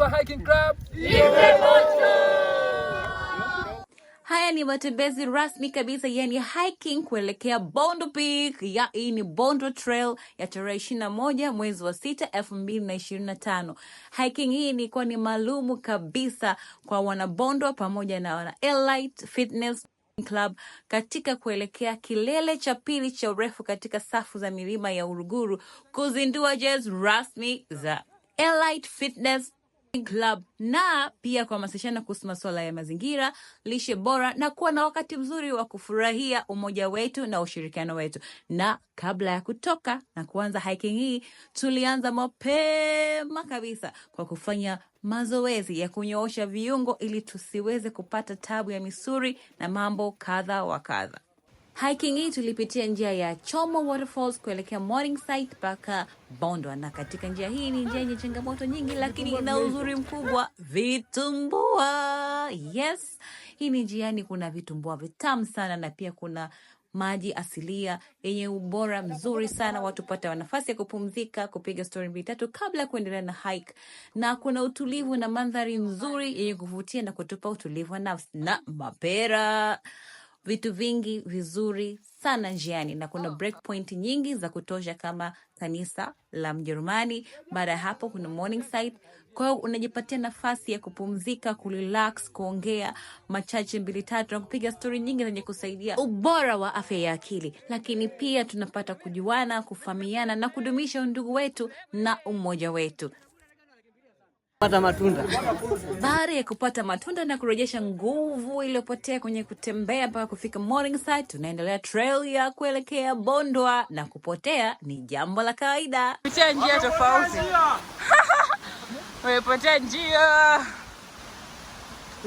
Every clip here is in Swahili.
Simba Hiking Club. Haya ni matembezi rasmi kabisa yani hiking kuelekea Bondo Peak. Ya, hii ni Bondo Trail ya tarehe ishirini na moja mwezi wa sita elfu mbili na ishirini na tano. Hiking hii ilikuwa ni maalumu kabisa kwa wanabondo pamoja na wana Elite Fitness Club katika kuelekea kilele cha pili cha urefu katika safu za milima ya Uluguru kuzindua jezi rasmi za Elite Fitness Club na pia kuhamasishana kuhusu masuala ya mazingira, lishe bora na kuwa na wakati mzuri wa kufurahia umoja wetu na ushirikiano wetu. Na kabla ya kutoka na kuanza hiking hii, tulianza mapema kabisa kwa kufanya mazoezi ya kunyoosha viungo ili tusiweze kupata tabu ya misuli na mambo kadha wa kadha. Hiking hii tulipitia njia ya Chomo Waterfalls kuelekea Morningside mpaka Bondwa, na katika njia hii ni njia yenye changamoto nyingi, lakini ina uzuri mkubwa, vitumbua. Yes, hii ni njiani, kuna vitumbua vitamu sana na pia kuna maji asilia yenye ubora mzuri sana. Watu pata nafasi ya kupumzika, kupiga stori mbili tatu kabla ya kuendelea na hike, na kuna utulivu na mandhari nzuri yenye kuvutia na kutupa utulivu wa nafsi na mapera vitu vingi vizuri sana njiani na kuna oh. breakpoint nyingi za kutosha kama kanisa la Mjerumani. Baada ya hapo kuna site, Kwa hiyo unajipatia nafasi ya kupumzika, kurelax, kuongea machache mbili tatu na kupiga stori nyingi zenye kusaidia ubora wa afya ya akili, lakini pia tunapata kujuana, kufahamiana na kudumisha undugu wetu na umoja wetu. Matunda. Baada ya kupata matunda na kurejesha nguvu iliyopotea kwenye kutembea mpaka kufika Morningside, tunaendelea trail ya kuelekea Bondwa na kupotea ni jambo la kawaida. Pitia njia tofauti. Wamepotea njia.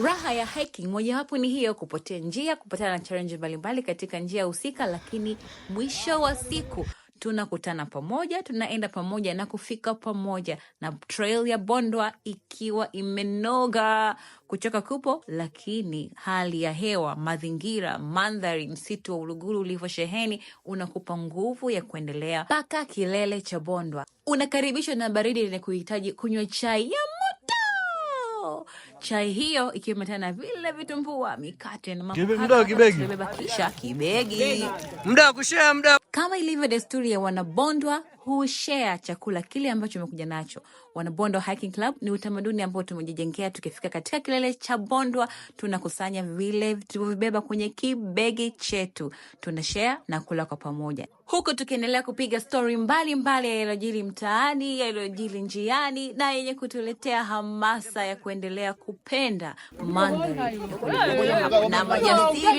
Raha ya hiking mojawapo ni hiyo, kupotea njia, kupatana na challenge mbalimbali katika njia husika, lakini mwisho wa siku tunakutana pamoja, tunaenda pamoja na kufika pamoja, na trail ya Bondwa ikiwa imenoga kuchoka kupo, lakini hali ya hewa, mazingira, mandhari, msitu wa Uluguru ulivyosheheni unakupa nguvu ya kuendelea mpaka kilele cha Bondwa. Unakaribishwa na baridi lenye kuhitaji kunywa chai ya moto, chai hiyo ikiwa imetana vile vitumbua, mikate na mabeba, kibegi, muda kushea muda kama ilivyo desturi ya Wanabondwa, hushea chakula kile ambacho umekuja nacho. Wanabondwa Hiking Club ni utamaduni ambao tumejijengea. Tukifika katika kilele cha Bondwa, tunakusanya vile tulivyovibeba kwenye kibegi chetu, tuna na kula kwa pamoja, huku tukiendelea kupiga stori mbalimbali yaliyojiri mtaani, yaliyojiri njiani na yenye kutuletea hamasa ya kuendelea kupenda mandhari na majasiri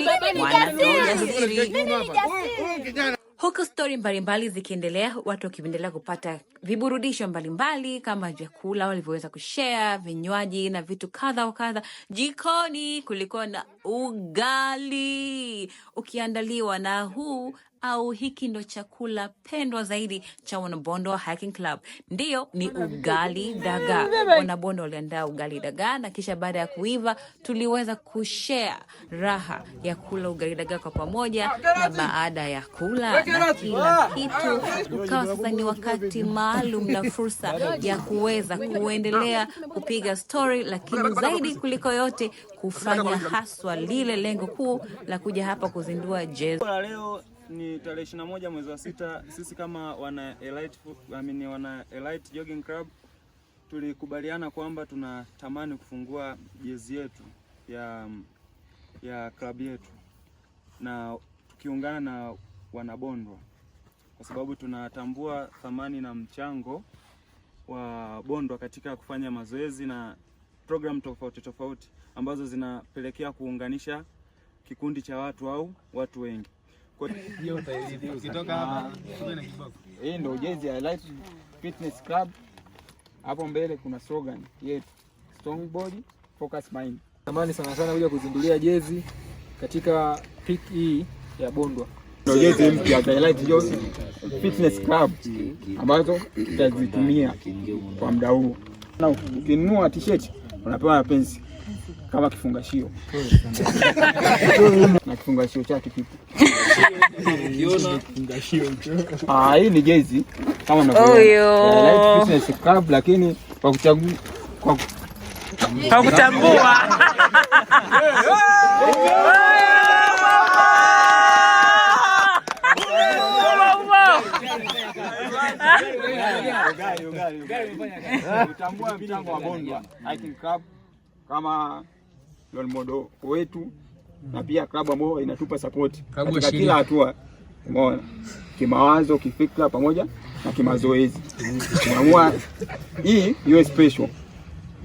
huku stori mbalimbali zikiendelea, watu wakiendelea kupata viburudisho mbalimbali kama vyakula walivyoweza kushea, vinywaji na vitu kadha wa kadha. Jikoni kulikuwa na ugali ukiandaliwa na huu au hiki ndo chakula pendwa zaidi cha wanabondo hiking club, ndiyo ni ugali daga Wanabondo waliandaa ugali daga na kisha baada ya kuiva tuliweza kushare raha ya kula ugali daga kwa pamoja, na baada ya kula na kila ah! kitu ukawa sasa ni wakati maalum na fursa ya kuweza kuendelea kupiga story lakini zaidi kuliko yote kufanya haswa lile lengo kuu la kuja hapa kuzindua jezo ni tarehe 21 moja mwezi wa sita. Sisi kama wana Elite, I mean, wana Elite Jogging Club tulikubaliana kwamba tunatamani kufungua jezi yetu ya ya klabu yetu na tukiungana na wanabondwa kwa sababu tunatambua thamani na mchango wa bondwa katika kufanya mazoezi na program tofauti tofauti ambazo zinapelekea kuunganisha kikundi cha watu au watu wengi. Hii ndio jezi ya Light Fitness Club. Hapo mbele kuna slogan yetu strong body focus mind. Tamani sana sana kuja kuzindulia jezi katika peak hii ya Bondwa. Ndio jezi mpya ya Light Fitness Club ambazo tutazitumia kwa muda huu. Na ukinunua t-shirt unapewa pensi kama kifungashio na kifungashio chake kipi? Ah, hii ni jezi kama mnavyoona Business Club, lakini kwa kuchagua kwa kutambua kutambua mchango wa Bondwa Hiking Club kama role model wetu na pia klabu ambayo inatupa support katika kila hatua, umeona, kimawazo, kifikra pamoja na kimazoezi. Tumeamua hii iwe special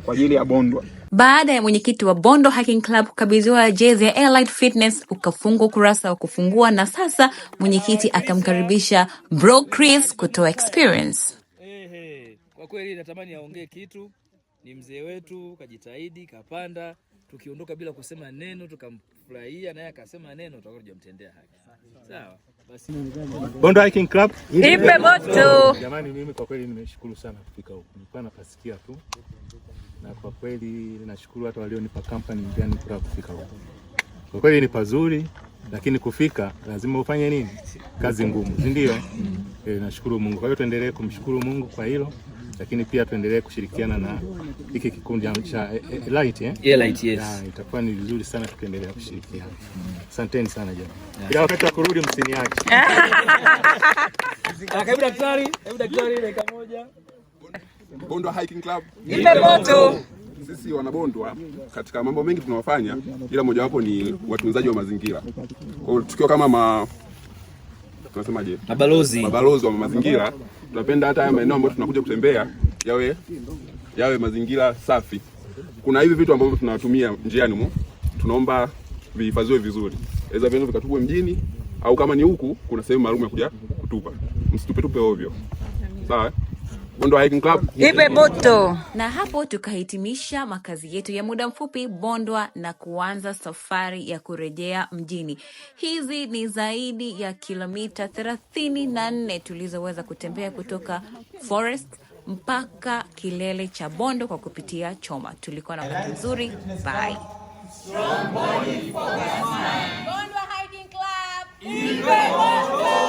kwa ajili ya Bondwa. Baada ya mwenyekiti wa Bondo Hiking Club kukabidhiwa jezi ya Elite Fitness, ukafungwa ukurasa wa kufungua, na sasa mwenyekiti akamkaribisha Bro Chris kutoa experience. Hey, hey. Kwa kweli natamani aongee kitu ni mzee wetu, kajitahidi, kapanda. Tukiondoka bila kusema neno, tukamfurahia naye akasema neno, tutakuwa tujamtendea haki. Sawa basi, Bondo Hiking Club ipe moto jamani. Mimi kwa kweli nimeshukuru sana kufika huku, nilikuwa napasikia tu, na kwa kweli nashukuru hata walionipa kampani njani kufika huku. Kwa kweli ni pazuri, lakini kufika lazima ufanye nini? Kazi ngumu, si ndio? E, nashukuru Mungu. Kwa hiyo tuendelee kumshukuru Mungu kwa hilo lakini pia tuendelee kushirikiana na hiki kikundi cha Elite eh? Elite, eh, eh? yes. Na ah, itakuwa ni vizuri sana tukiendelea kushirikiana. Mm. Asanteni sana jamani. Ila wakati wa kurudi yake. Hebu ah, daktari, hebu daktari dakika moja. Bondwa Hiking Club. Ile moto. Sisi wanabondwa katika mambo mengi tunawafanya, ila mojawapo ni watunzaji wa mazingira. Kwa hiyo tukiwa kama ma tunasemaje? Mabalozi. Mabalozi wa mazingira tunapenda hata haya maeneo ambayo tunakuja kutembea yawe yawe mazingira safi. Kuna hivi vitu ambavyo tunatumia njiani mu, tunaomba vihifadhiwe vizuri, aweza vyenzo vikatupwe mjini au kama ni huku kuna sehemu maalum ya kuja kutupa, msitupetupe ovyo, sawa. Bondo Hiking Club. Ipe moto. Na hapo tukahitimisha makazi yetu ya muda mfupi Bondwa na kuanza safari ya kurejea mjini. Hizi ni zaidi ya kilomita 34 tulizoweza kutembea kutoka Forest mpaka kilele cha Bondo kwa kupitia Choma. Tulikuwa na wakati mzuri. Bye. Strong body Bondwa Hiking Club. Ipe moto.